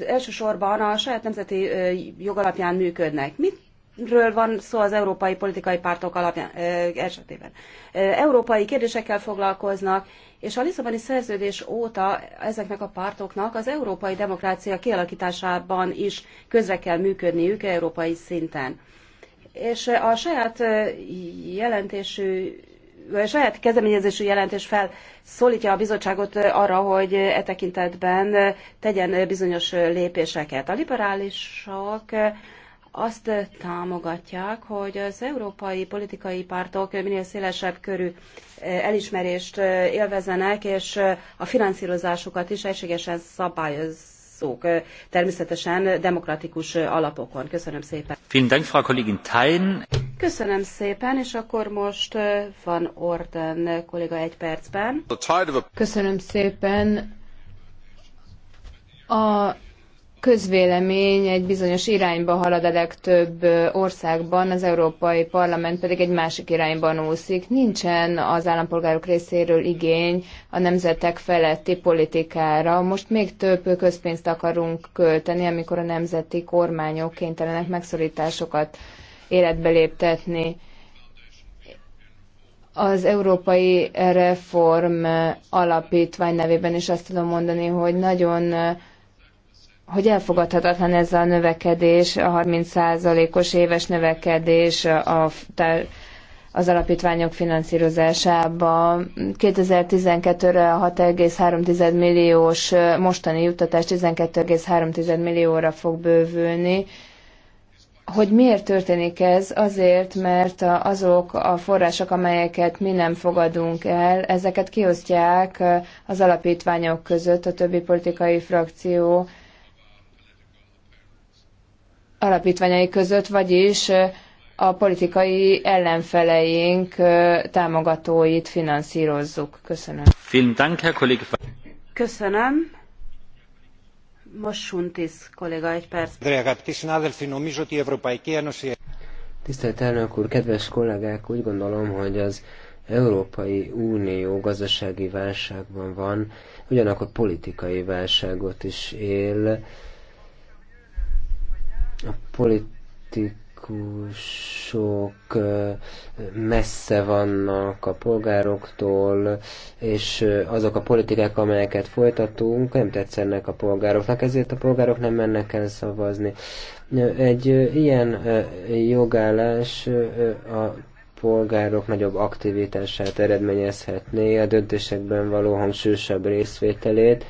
elsősorban a saját nemzeti jogalapján működnek. Mit ről van szó az európai politikai pártok alapján, esetében. Európai kérdésekkel foglalkoznak, és a Lisszaboni szerződés óta ezeknek a pártoknak az európai demokrácia kialakításában is közre kell működniük európai szinten és a saját jelentésű a saját kezdeményezésű jelentés felszólítja a bizottságot arra, hogy e tekintetben tegyen bizonyos lépéseket. A liberálisok azt támogatják, hogy az európai politikai pártok minél szélesebb körű elismerést élvezenek, és a finanszírozásukat is egységesen szabályoz, szók, természetesen demokratikus alapokon. Köszönöm szépen. Vielen Dank, Frau Kollegin Thein. Köszönöm szépen, és akkor most van Orden kolléga egy percben. Köszönöm szépen. A közvélemény egy bizonyos irányba halad a legtöbb országban, az Európai Parlament pedig egy másik irányban úszik. Nincsen az állampolgárok részéről igény a nemzetek feletti politikára. Most még több közpénzt akarunk költeni, amikor a nemzeti kormányok kénytelenek megszorításokat életbe léptetni. Az Európai Reform Alapítvány nevében is azt tudom mondani, hogy nagyon hogy elfogadhatatlan ez a növekedés, a 30%-os éves növekedés a, az alapítványok finanszírozásába. 2012-re a 6,3 milliós mostani juttatás 12,3 millióra fog bővülni. Hogy miért történik ez? Azért, mert azok a források, amelyeket mi nem fogadunk el, ezeket kiosztják az alapítványok között a többi politikai frakció alapítványai között, vagyis a politikai ellenfeleink támogatóit finanszírozzuk. Köszönöm. Köszönöm. Most Suntis kolléga egy perc. Tisztelt elnök úr, kedves kollégák, úgy gondolom, hogy az Európai Unió gazdasági válságban van, ugyanakkor politikai válságot is él a politikusok messze vannak a polgároktól, és azok a politikák, amelyeket folytatunk, nem tetszenek a polgároknak, ezért a polgárok nem mennek el szavazni. Egy ilyen jogállás a polgárok nagyobb aktivitását eredményezhetné, a döntésekben való hangsúlyosabb részvételét,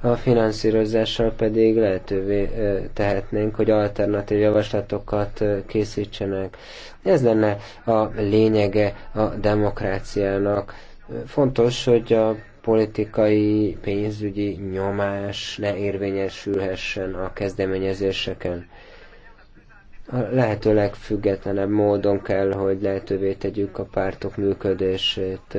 a finanszírozással pedig lehetővé tehetnénk, hogy alternatív javaslatokat készítsenek. Ez lenne a lényege a demokráciának. Fontos, hogy a politikai, pénzügyi nyomás ne érvényesülhessen a kezdeményezéseken. A lehető legfüggetlenebb módon kell, hogy lehetővé tegyük a pártok működését.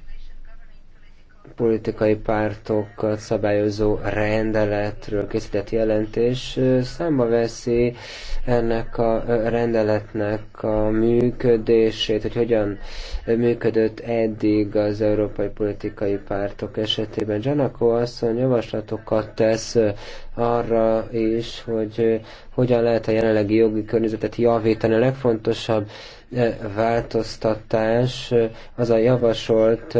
politikai pártokat szabályozó rendeletről készített jelentés számba veszi ennek a rendeletnek a működését, hogy hogyan működött eddig az európai politikai pártok esetében. Janako asszony javaslatokat tesz arra is, hogy hogyan lehet a jelenlegi jogi környezetet javítani. A legfontosabb változtatás, az a javasolt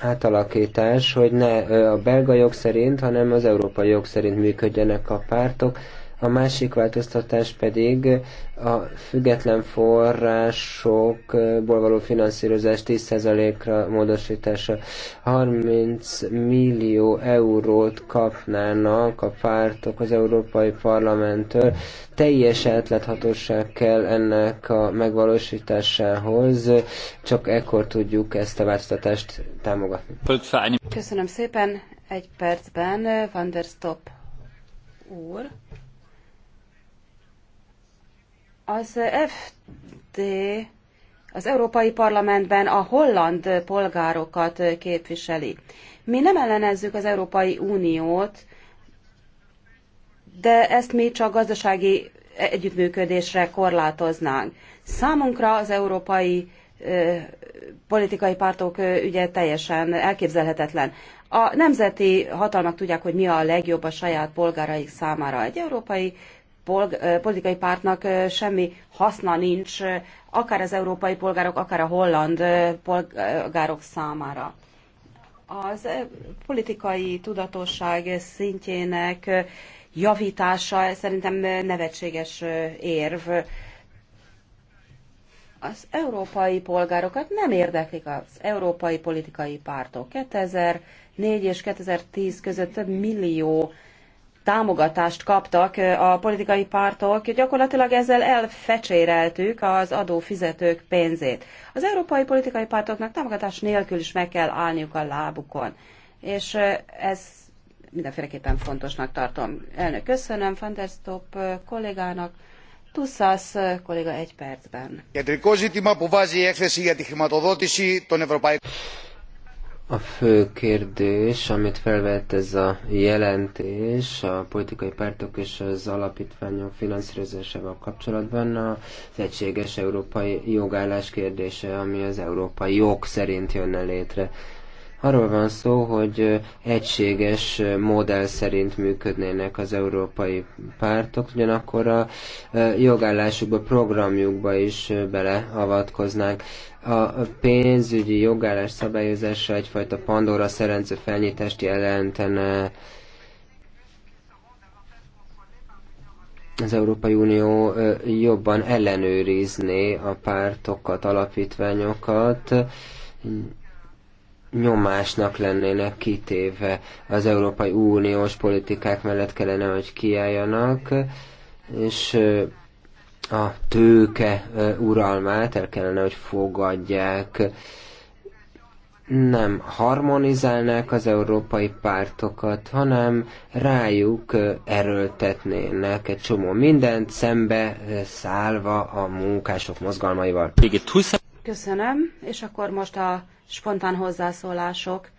átalakítás, hogy ne a belga jog szerint, hanem az európai jog szerint működjenek a pártok, a másik változtatás pedig a független forrásokból való finanszírozás 10%-ra módosítása. 30 millió eurót kapnának a pártok az Európai Parlamenttől. Teljes átláthatóság kell ennek a megvalósításához, csak ekkor tudjuk ezt a változtatást támogatni. Köszönöm szépen. Egy percben Van der Stop úr. Az FD az Európai Parlamentben a holland polgárokat képviseli. Mi nem ellenezzük az Európai Uniót, de ezt mi csak gazdasági együttműködésre korlátoznánk. Számunkra az európai politikai pártok ügye teljesen elképzelhetetlen. A nemzeti hatalmak tudják, hogy mi a legjobb a saját polgáraik számára. Egy európai politikai pártnak semmi haszna nincs, akár az európai polgárok, akár a holland polgárok számára. Az politikai tudatosság szintjének javítása szerintem nevetséges érv. Az európai polgárokat nem érdeklik az európai politikai pártok. 2004 és 2010 között több millió támogatást kaptak a politikai pártok, gyakorlatilag ezzel elfecséreltük az adófizetők pénzét. Az európai politikai pártoknak támogatás nélkül is meg kell állniuk a lábukon. És ez mindenféleképpen fontosnak tartom. Elnök, köszönöm Fanderstop kollégának. Tussas kolléga egy percben. Κεντρικό ζήτημα που βάζει η έκθεση για τη a fő kérdés, amit felvett ez a jelentés a politikai pártok és az alapítványok finanszírozásával kapcsolatban az egységes európai jogállás kérdése, ami az európai jog szerint jönne létre. Arról van szó, hogy egységes modell szerint működnének az európai pártok, ugyanakkor a jogállásukba, programjukba is beleavatkoznánk. A pénzügyi jogállás szabályozása egyfajta Pandora szerencő felnyitást jelentene, az Európai Unió jobban ellenőrizné a pártokat, alapítványokat, nyomásnak lennének kitéve az Európai Uniós politikák mellett kellene, hogy kiálljanak, és a tőke uralmát el kellene, hogy fogadják. Nem harmonizálnák az európai pártokat, hanem rájuk erőltetnének egy csomó mindent, szembe szállva a munkások mozgalmaival. Köszönöm, és akkor most a spontán hozzászólások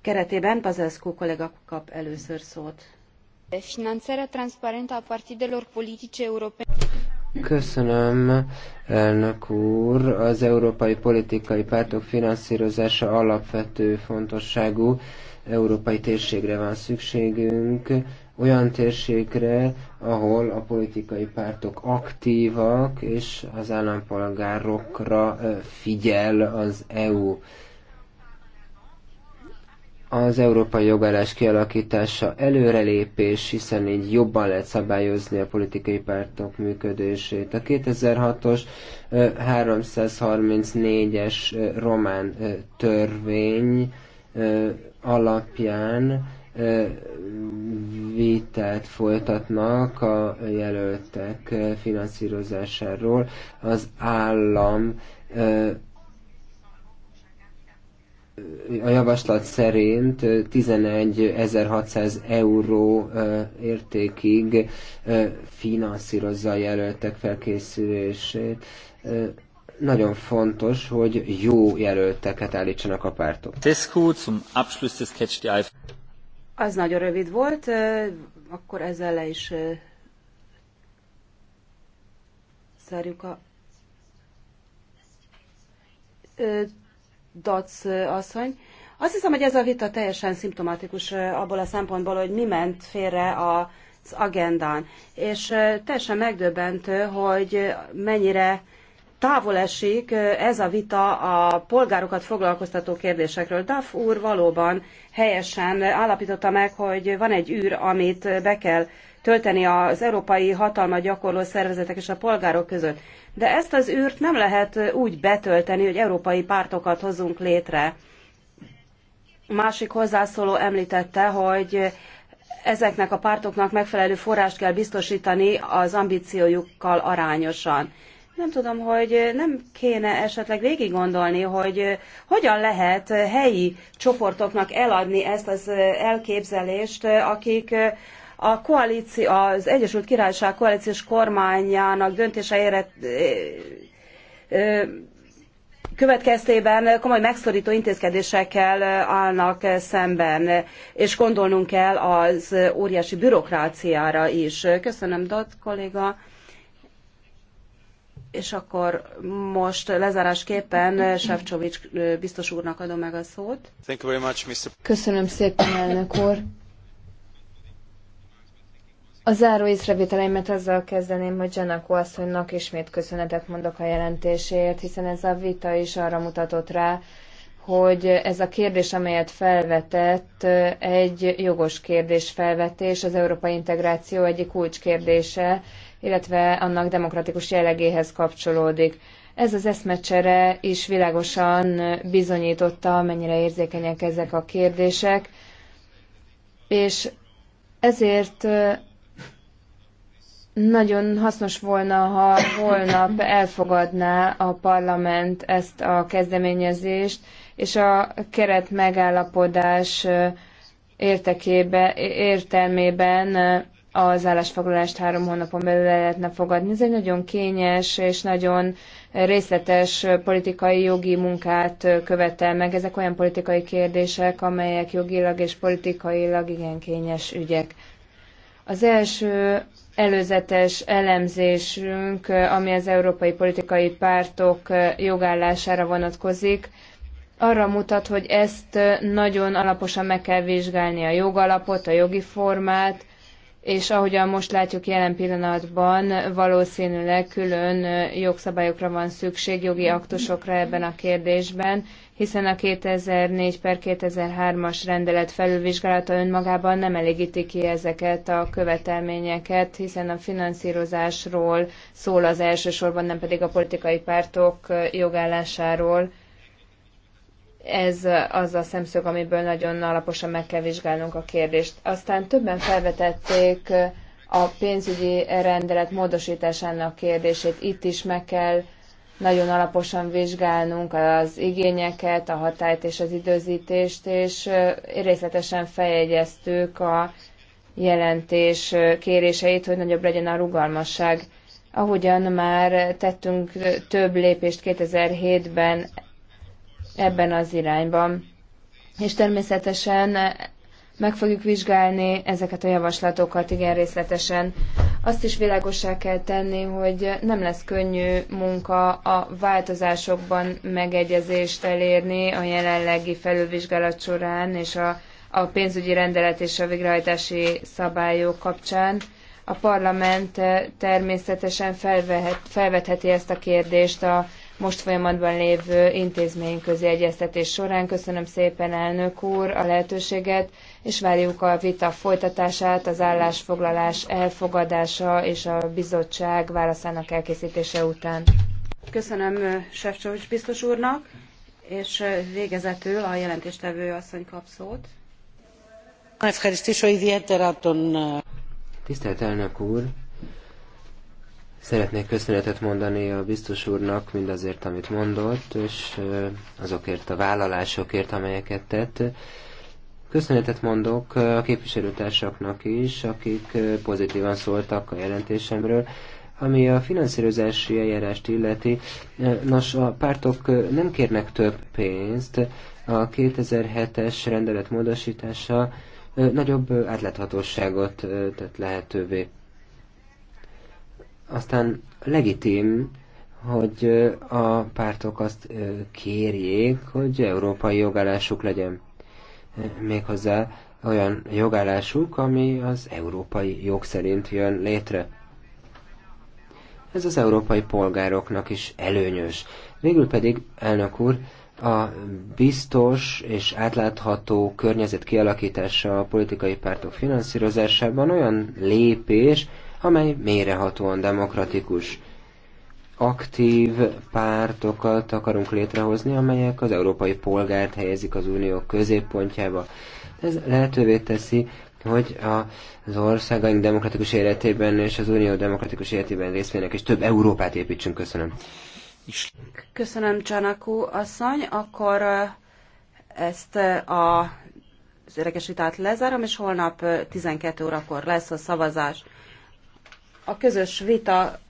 keretében Pazescu kollega kap először szót. Finanțarea transparentă a partidelor politice europene. Köszönöm, elnök úr. Az európai politikai pártok finanszírozása alapvető fontosságú. Európai térségre van szükségünk olyan térségre, ahol a politikai pártok aktívak, és az állampolgárokra figyel az EU. Az európai jogállás kialakítása előrelépés, hiszen így jobban lehet szabályozni a politikai pártok működését. A 2006-os 334-es román törvény alapján vételt folytatnak a jelöltek finanszírozásáról. Az állam a javaslat szerint 11.600 euró értékig finanszírozza a jelöltek felkészülését. Nagyon fontos, hogy jó jelölteket állítsanak a pártok. Tesco zum Abschluss des Catch the Eye. Az nagyon rövid volt, akkor ezzel le is zárjuk a Dac asszony. Azt hiszem, hogy ez a vita teljesen szimptomatikus abból a szempontból, hogy mi ment félre az agendán. És teljesen megdöbbentő, hogy mennyire távol esik ez a vita a polgárokat foglalkoztató kérdésekről. Duff úr valóban helyesen állapította meg, hogy van egy űr, amit be kell tölteni az európai hatalma gyakorló szervezetek és a polgárok között. De ezt az űrt nem lehet úgy betölteni, hogy európai pártokat hozunk létre. Másik hozzászóló említette, hogy ezeknek a pártoknak megfelelő forrást kell biztosítani az ambíciójukkal arányosan. Nem tudom, hogy nem kéne esetleg végig gondolni, hogy hogyan lehet helyi csoportoknak eladni ezt az elképzelést, akik a koalíció, az Egyesült Királyság koalíciós kormányának döntéseire következtében komoly megszorító intézkedésekkel állnak szemben, és gondolnunk kell az óriási bürokráciára is. Köszönöm, Dott kolléga. És akkor most lezárásképpen Sefcsovics biztos úrnak adom meg a szót. Thank you very much, Mr. Köszönöm szépen, elnök úr. A záró észrevételeimet azzal kezdeném, hogy Zsanakó asszonynak ismét köszönetet mondok a jelentésért, hiszen ez a vita is arra mutatott rá, hogy ez a kérdés, amelyet felvetett, egy jogos kérdés felvetés, az európai integráció egyik kulcskérdése, kérdése, illetve annak demokratikus jellegéhez kapcsolódik. Ez az eszmecsere is világosan bizonyította, mennyire érzékenyek ezek a kérdések, és ezért nagyon hasznos volna, ha holnap elfogadná a parlament ezt a kezdeményezést, és a keret megállapodás értekébe, értelmében az állásfoglalást három hónapon belül el lehetne fogadni. Ez egy nagyon kényes és nagyon részletes politikai jogi munkát követel meg. Ezek olyan politikai kérdések, amelyek jogilag és politikailag igen kényes ügyek. Az első előzetes elemzésünk, ami az európai politikai pártok jogállására vonatkozik, arra mutat, hogy ezt nagyon alaposan meg kell vizsgálni a jogalapot, a jogi formát, és ahogyan most látjuk jelen pillanatban, valószínűleg külön jogszabályokra van szükség, jogi aktusokra ebben a kérdésben, hiszen a 2004 per 2003-as rendelet felülvizsgálata önmagában nem elégíti ki ezeket a követelményeket, hiszen a finanszírozásról szól az elsősorban, nem pedig a politikai pártok jogállásáról ez az a szemszög, amiből nagyon alaposan meg kell vizsgálnunk a kérdést. Aztán többen felvetették a pénzügyi rendelet módosításának kérdését. Itt is meg kell nagyon alaposan vizsgálnunk az igényeket, a hatályt és az időzítést, és részletesen feljegyeztük a jelentés kéréseit, hogy nagyobb legyen a rugalmasság. Ahogyan már tettünk több lépést 2007-ben ebben az irányban. És természetesen meg fogjuk vizsgálni ezeket a javaslatokat igen részletesen. Azt is világosá kell tenni, hogy nem lesz könnyű munka a változásokban megegyezést elérni a jelenlegi felülvizsgálat során és a, a pénzügyi rendelet és a végrehajtási szabályok kapcsán. A parlament eh, természetesen felvehet, felvetheti ezt a kérdést a most folyamatban lévő intézményközi egyeztetés során. Köszönöm szépen, elnök úr, a lehetőséget, és várjuk a vita folytatását, az állásfoglalás elfogadása és a bizottság válaszának elkészítése után. Köszönöm Sefcsovics biztos úrnak, és végezetül a jelentéstevő asszony kap szót. Tisztelt elnök úr! Szeretnék köszönetet mondani a biztos úrnak mindazért, amit mondott, és azokért a vállalásokért, amelyeket tett. Köszönetet mondok a képviselőtársaknak is, akik pozitívan szóltak a jelentésemről. Ami a finanszírozási eljárást illeti, nos, a pártok nem kérnek több pénzt, a 2007-es rendelet módosítása nagyobb átláthatóságot tett lehetővé. Aztán legitim, hogy a pártok azt kérjék, hogy európai jogállásuk legyen. Méghozzá olyan jogállásuk, ami az európai jog szerint jön létre. Ez az európai polgároknak is előnyös. Végül pedig, elnök úr, a biztos és átlátható környezet kialakítása a politikai pártok finanszírozásában olyan lépés, amely mérehatóan demokratikus. Aktív pártokat akarunk létrehozni, amelyek az európai polgárt helyezik az unió középpontjába. Ez lehetővé teszi, hogy az országaink demokratikus életében és az unió demokratikus életében részvének, és több Európát építsünk. Köszönöm. Köszönöm, Csanakú asszony. Akkor eh, ezt eh, a az érdekes vitát lezárom, és holnap 12 eh, órakor lesz a szavazás a közös vita